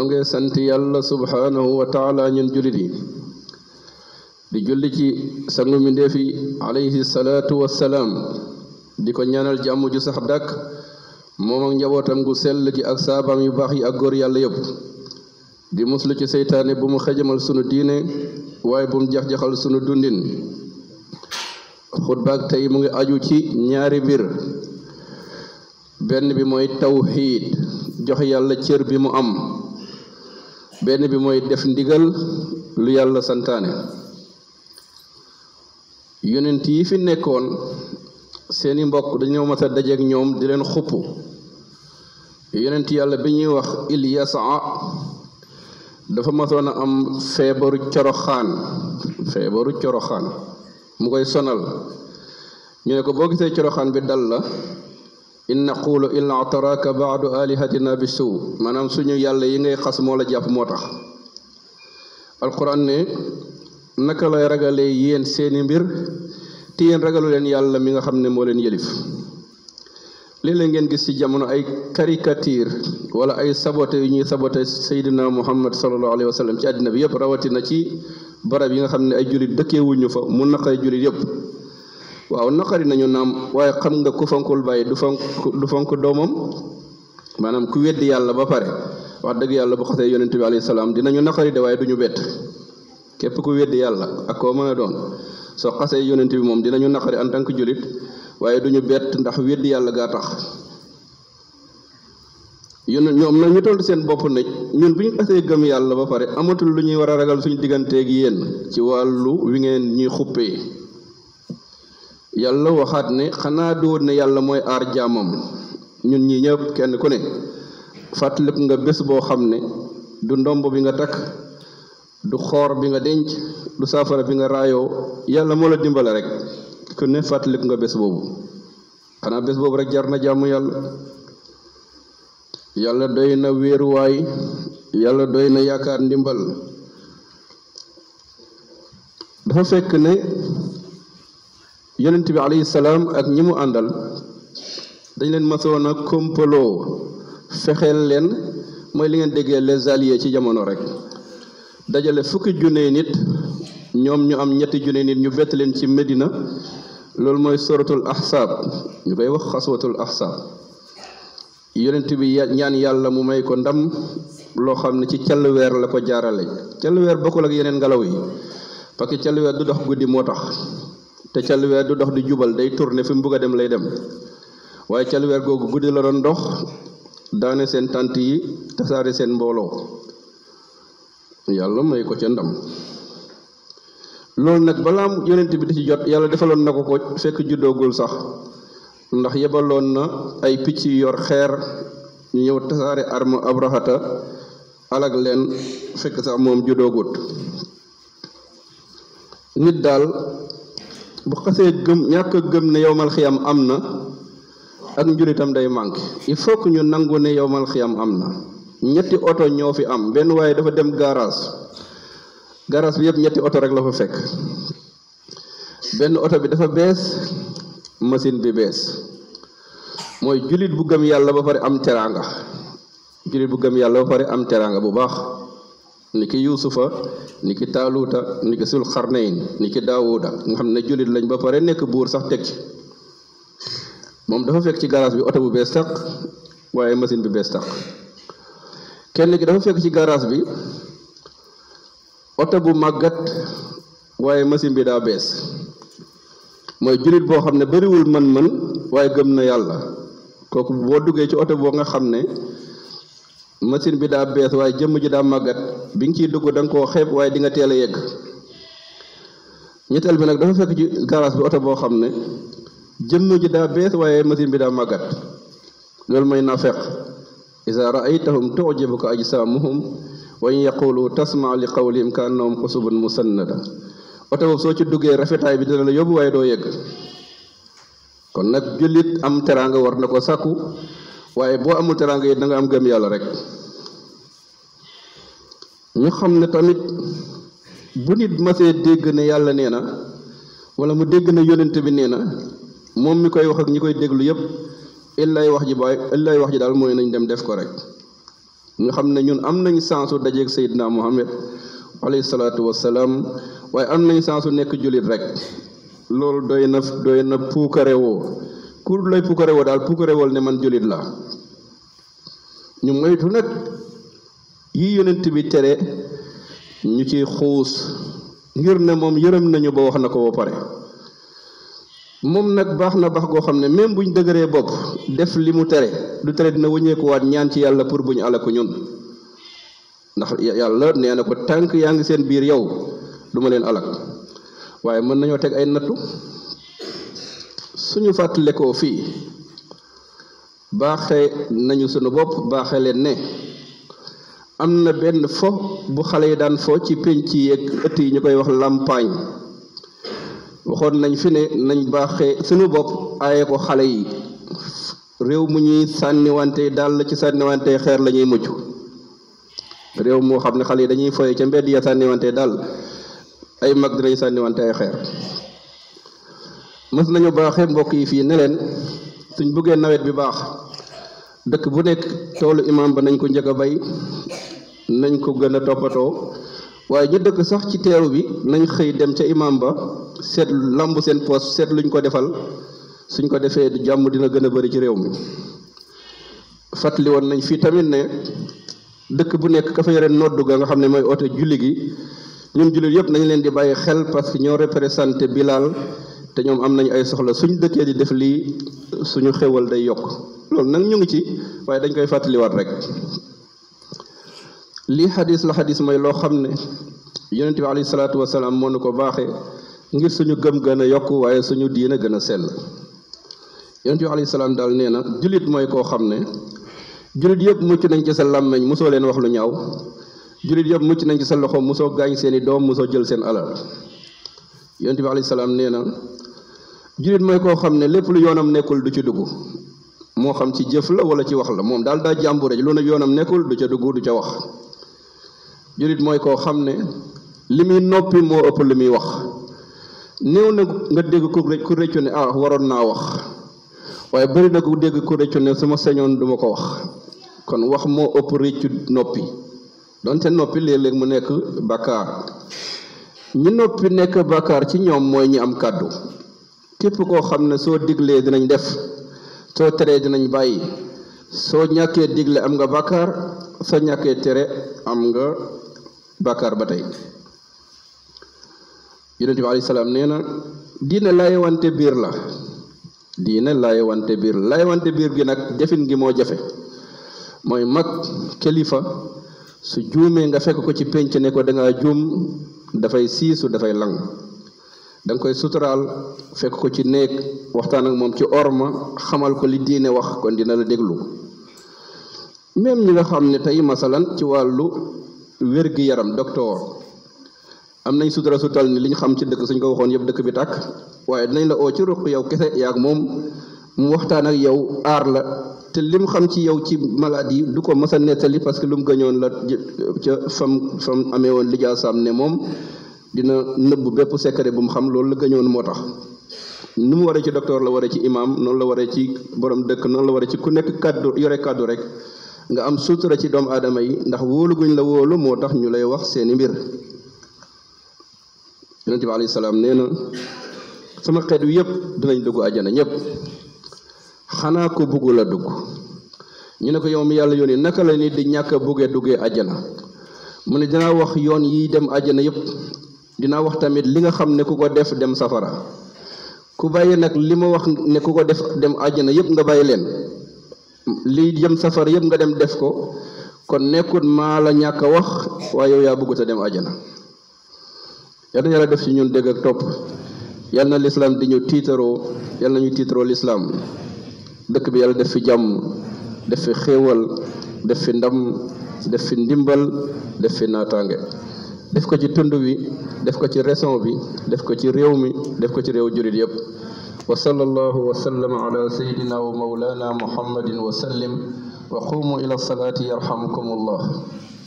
ñoo ngi sant yàlla subhaanahu wa taala ñun jullit yi di julli ci sangu mi ndeefi alayhi salaatu wassalaam di ko ñaanal jàmm ju sax dàkk moom ak njabootam gu sell gi ak saabaam yu baax yi ak góor yàlla yëpp di muslu ci seytaane bu mu xejamal sunu diine waaye bu mu jax-jaxal sunu dundin xutbaak tey mu ngi aju ci ñaari mbir benn bi mooy tawxiid jox yàlla cër bi mu am benn bi mooy def ndigal lu yàlla santaane yonent yi fi nekkoon seeni mbokk dañoo mas a dajeek ñoom di leen xupp yonent yàlla bi ñuy wax Ilyas dafa masoon a am feebaru coroxaan feebaru coroxaan mu koy sonal ñu ne ko boo gisee coroxaan bi dal la in naqulu illa ataraka ba'du alihatina bisu maanaam suñu yàlla yi ngay xas moo la jàpp moo tax alquran ne naka lay ragalee yéen seeni mbir te yéen ragalu leen yàlla mi nga xam ne moo leen yëlif léeg-léeg ngeen gis ci jamono ay caricature wala ay sabote yu ñuy sabote saydina muhammad salallahu alayhi wa sallam ci àddina bi yëpp rawatina ci barab yi nga xam ne ay jullit dëkkeewuñu fa mu naqay jullit yëpp waaw naqari nañu naam waaye xam nga ku fonkul bàyyi du fonk du fonk doomam maanaam ku weddi yàlla ba pare wax dëgg yàlla bu xasee yonent bi alayhi salaam dinañu naqari de waaye bett képp ku weddi yàlla ak koo mën doon soo xasee yonent bi moom dinañu naqari en tànk que jullit waaye du ñu bett ndax weddi yàlla gaa tax yónn ñoom nag ñu toll seen bopp nañ ñun bu ñu xasee gëm yàlla ba pare amatul lu ñuy war a ragal suñu digganteeg yéen ci wàllu wi ngeen ñuy xuppee. yàlla waxaat ne xanaa doon ne yàlla mooy aar jaamam ñun ñi ñëpp kenn ku ne fàttalib nga bés boo xam ne du ndomb bi nga takk du xoor bi nga denc du saafara bi nga raayoo yàlla moo la dimbale rek ku ne fàttalib nga bés boobu xanaa bés boobu rek jar na jàmm yàlla yàlla doy na wéeruwaay yàlla doy na yaakaar ndimbal dafa fekk ne yonent bi alayhi salam ak ñi mu àndal dañ leen masoon a kompaloo fexeel leen mooy li ngeen déggee les alliés ci jamono rek dajale fukki junne nit ñoom ñu am ñetti junne nit ñu bett leen ci medina loolu mooy suratul ahsaab ñu koy wax xaswatul ahsaab yonent bi ya-, ñaan yàlla mu may ko ndam loo xam ne ci call weer la ko jaarale call weer bokkul ak yeneen ngelaw yi parce que du dox te ca weer du dox di jubal day tourner fi mu dem lay dem waaye ca weer googu guddi la doon dox daane seen tànt yi tasaare seen mbooloo yàlla may ko ca ndam loolu nag balaa yonent bi di ci jot yàlla defaloon na ko ko fekk juddoogul sax ndax yebaloon na ay picc yu yor xeer ñu ñëw tasaare arme abrahata alag leen fekk sax moom juddoogut nit daal bu xasee gëm ñàkk gëm ne yowmal xiyam am na ak njuritam day manqué il faut que ñu nangu ne yowmal xiyam am na ñetti oto ñoo fi am benn waaye dafa dem garage garage bi yëpp ñetti oto rek la fa fekk benn oto bi dafa bees machine bi bees mooy julit bu gëm yàlla ba pare am teranga julit bu gëm yàlla ba pare am teranga bu baax ni ki yuusufa ni ki taaluuta ni ki sul xarnayn ni ki daawuda nga xam ne jullit lañ ba pare nekk buur sax teg ci moom dafa fekk ci garaas bi oto bu bees tax waaye machine bi bees tax kenn ki dafa fekk ci garage bi oto bu màggat waaye machine bi daa bees mooy jullit boo xam ne bariwul man man waaye gëm na yàlla kooku boo duggee ci oto boo nga xam ne machine bi daa bees waaye jëmm ji daa màggat bi nga ciy dugg da koo xeeb waaye di nga teel a yegg bi nag dafa fekk ci garage bi oto boo xam ne jëmm ji daa bees waaye machine bi daa màggat loolu may nafeq isa saa tujibuka ajsaamuhum wa in yaqulu tasmaa li qawlihim ka annahum xusubun musannada oto boobu soo ci duggee rafetaay bi dina la yóbbu waaye doo yegg kon nag jullit am teraanga war na ko sakku waaye boo amul teraanga yi danga am gëm yàlla rek ñu xam ne tamit bu nit masee dégg ne yàlla nee na wala mu dégg na yónent bi nee na moom mi koy wax ak ñi koy déglu yépp illay wax ji baay illay wax ji daal mooy nañ dem def ko rek ñu xam ne ñun am nañ sansu dajeeg Seydina Muhammad alayhi salaatu wassalaam waaye am nañ sansu nekk jullit rek loolu doy na doy na puukarewoo ku lay pukkare woo daal pukkare wool ne man jullit la ñu moytu nag yi yonent bi tere ñu ci xuus ngir ne moom yërëm nañu ba wax na ko ba pare moom nag baax na baax goo xam ne même buñ dëgëree bopp def li mu tere du tere dina wëññeekuwaat ñaan ci yàlla pour bu ñu buñ alaku ñun ndax yàlla nee na ko tànk yaa ngi seen biir yow du ma leen alak waaye mën nañoo teg ay nattu suñu ko fii baaxe nañu sunu bopp baaxe leen ne am na benn fo bu xale yi daan fo ci pénc yi ak ëtt yi ñu koy wax làmpaañ waxoon nañ fi ne nañ baaxe sunu bopp aaye ko xale yi réew mu ñuy sànniwante dal ci sànniwante xeer la ñuy mucc réew moo xam ne xale yi dañuy foye ca mbedd ya sànniwante daal ay mag dinañ sànniwante xeer mës nañu baaxee mbokk yi fii ne leen suñ bëggee nawet bi baax dëkk bu nekk toolu imaam ba nañ ko njëkk a bay nañ ko gën a toppatoo waaye ñu dëkk sax ci teeru bi nañ xëy dem ca imaam ba seet lamb seen poos seet luñ ko defal suñ ko defee jàmm dina gën a bëri ci réew mi fàttali woon nañ fii tamit ne dëkk bu nekk ka fa yore noddu ga nga xam ne mooy oote julli gi ñun jullit yëpp nañ leen di bàyyi xel parce que ñoo représenté Bilal te ñoom am nañu ay soxla suñ dëkkee di def lii suñu xewal day yokk loolu nag ñu ngi ci waaye dañ koy fàttaliwaat rek lii xadiis la xadis mooy loo xam ne yonent bi alayhi salaatu wasalaam moo nu ko baaxee ngir suñu gën a yokk waaye suñu diina gën a sell yonent bi alayhi salaam daal nee na jullit mooy koo xam ne jullit yëpp mucc nañ ci sa làmmeñ mosoo leen wax lu ñaaw jullit yëpp mucc nañ ci sa loxo mosoo gaañ seeni doom mosoo jël seen alal yonent bi alayhi salaam nee na jullit mooy koo xam ne lépp lu yoonam nekkul du ci dugg moo xam ci jëf la wala ci wax la moom daal daa jàmbure lu ne yoonam nekkul du ca dugg du ca wax jullit mooy koo xam ne li muy noppi moo ëpp li muy wax néew na nga dégg ku rëccu ne ah waroon naa wax waaye bëri na ku dégg ku rëccu ne suma sañoon duma ko wax kon wax moo ëpp rëccu noppi donte noppi léeg-léeg mu nekk bàkkaar ñi noppi nekk bàkkaar ci ñoom mooy ñi am kàddu képp koo xam ne soo diglee dinañ def soo teree dinañ bàyyi soo ñàkkee digle am nga bàkkaar soo ñàkkee tere am nga bàkkaar ba tey yonent bi alayhi salaam nee na diine laayewante biir la diine laayewante biir la laayewante biir gi nag defin gi moo jafe mooy mag kilifa su juumee nga fekk ko ci pénc ne ko danga juum dafay siisu dafay lang danga koy suturaal fekk ko ci néeg waxtaan ak moom ci orma xamal ko li diine wax kon dina la déglu même ñi nga xam ne tey masalan ci wàllu wér-gi-yaram docteur am nañ sutura su tal ni liñ xam ci dëkk suñ ko waxoon yëpp dëkk bi tàkk waaye dinañ la oo ci ruq yow kese yaag moom mu waxtaan ak yow aar la te lim xam ci yow ci maladie du ko mës nettali parce que lu mu gëñoon la ca fam fam amee woon lijaasaam ne moom dina nëbb bépp secret bu mu xam loolu la gëñoon moo tax nu mu waree ci doktoor la waree ci imaam noonu la waree ci boroom dëkk noonu la waree ci ku nekk kàddu yore kàddu rek nga am sutura ci doomu aadama yi ndax wóolu guñ la wóolu moo tax ñu lay wax seeni mbir yonente bi alayhi salaam nee na sama xeet wi yëpp dinañ dugg ajana ñëpp xanaa ko bugg la dugg ñu ne ko yow mi yàlla yónni naka la nit di ñàkk buggee duggee ajana mu ne dinaa wax yoon yi dem ajana yëpp dinaa wax tamit li nga xam ne ku ko def dem safara ku bàyyi nag li ma wax ne ku ko def dem àjjana yëpp nga bàyyi leen lii jëm safara yëpp nga dem def ko kon nekkut maa la ñàkk wax waaye yow yaa bëggut a dem àjjana yal na yàlla def si ñun dégg ak topp yal na lislaam di ñu tiitaroo yal na ñu tiitaroo lislaam dëkk bi yàlla def fi jàmm def fi xéewal def fi ndam def fi ndimbal def fi naataange def ko ci tund wi def ko ci raison bi def ko ci réew mi def ko ci réew jurit yépp وصلى الله وسلم على سيدنا ومولانا محمد وسلم وقوموا إلى الصلاة يرحمكم الله